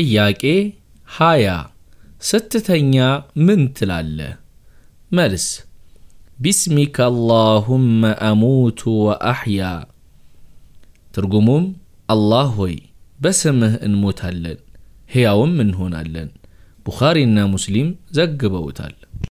ጥያቄ 20 ስትተኛ ምን ትላለህ? መልስ ቢስሚከ አላሁመ አሙቱ ወአሕያ። ትርጉሙም አላህ ሆይ በስምህ እንሞታለን ሕያውም እንሆናለን። ቡኻሪና ሙስሊም ዘግበውታል።